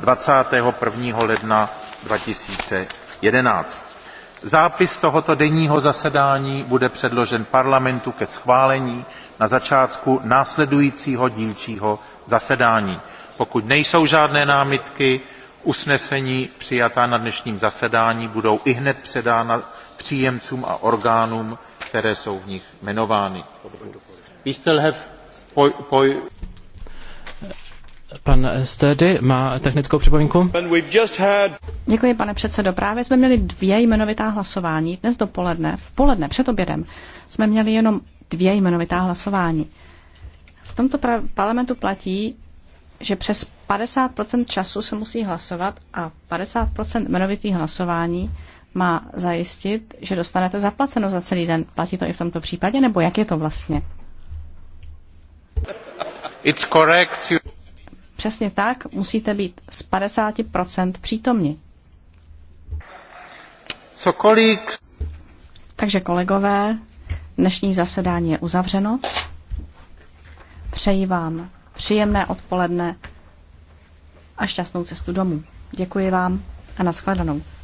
21. ledna 2011. Zápis tohoto denního zasedání bude předložen parlamentu ke schválení na začátku následujícího dílčího zasedání. Pokud nejsou žádné námitky, usnesení přijatá na dnešním zasedání budou ihned předána příjemcům a orgánům, které jsou v nich jmenovány. Pan Stedy má technickou připomínku. Děkuji, pane předsedo. Právě jsme měli dvě jmenovitá hlasování. Dnes dopoledne, v poledne, před obědem, jsme měli jenom dvě jmenovitá hlasování. V tomto parlamentu platí, že přes 50% času se musí hlasovat a 50% jmenovitých hlasování má zajistit, že dostanete zaplaceno za celý den. Platí to i v tomto případě, nebo jak je to vlastně? It's correct. Přesně tak, musíte být z 50% přítomni. Co Takže kolegové, dnešní zasedání je uzavřeno. Přeji vám příjemné odpoledne a šťastnou cestu domů. Děkuji vám a nashledanou.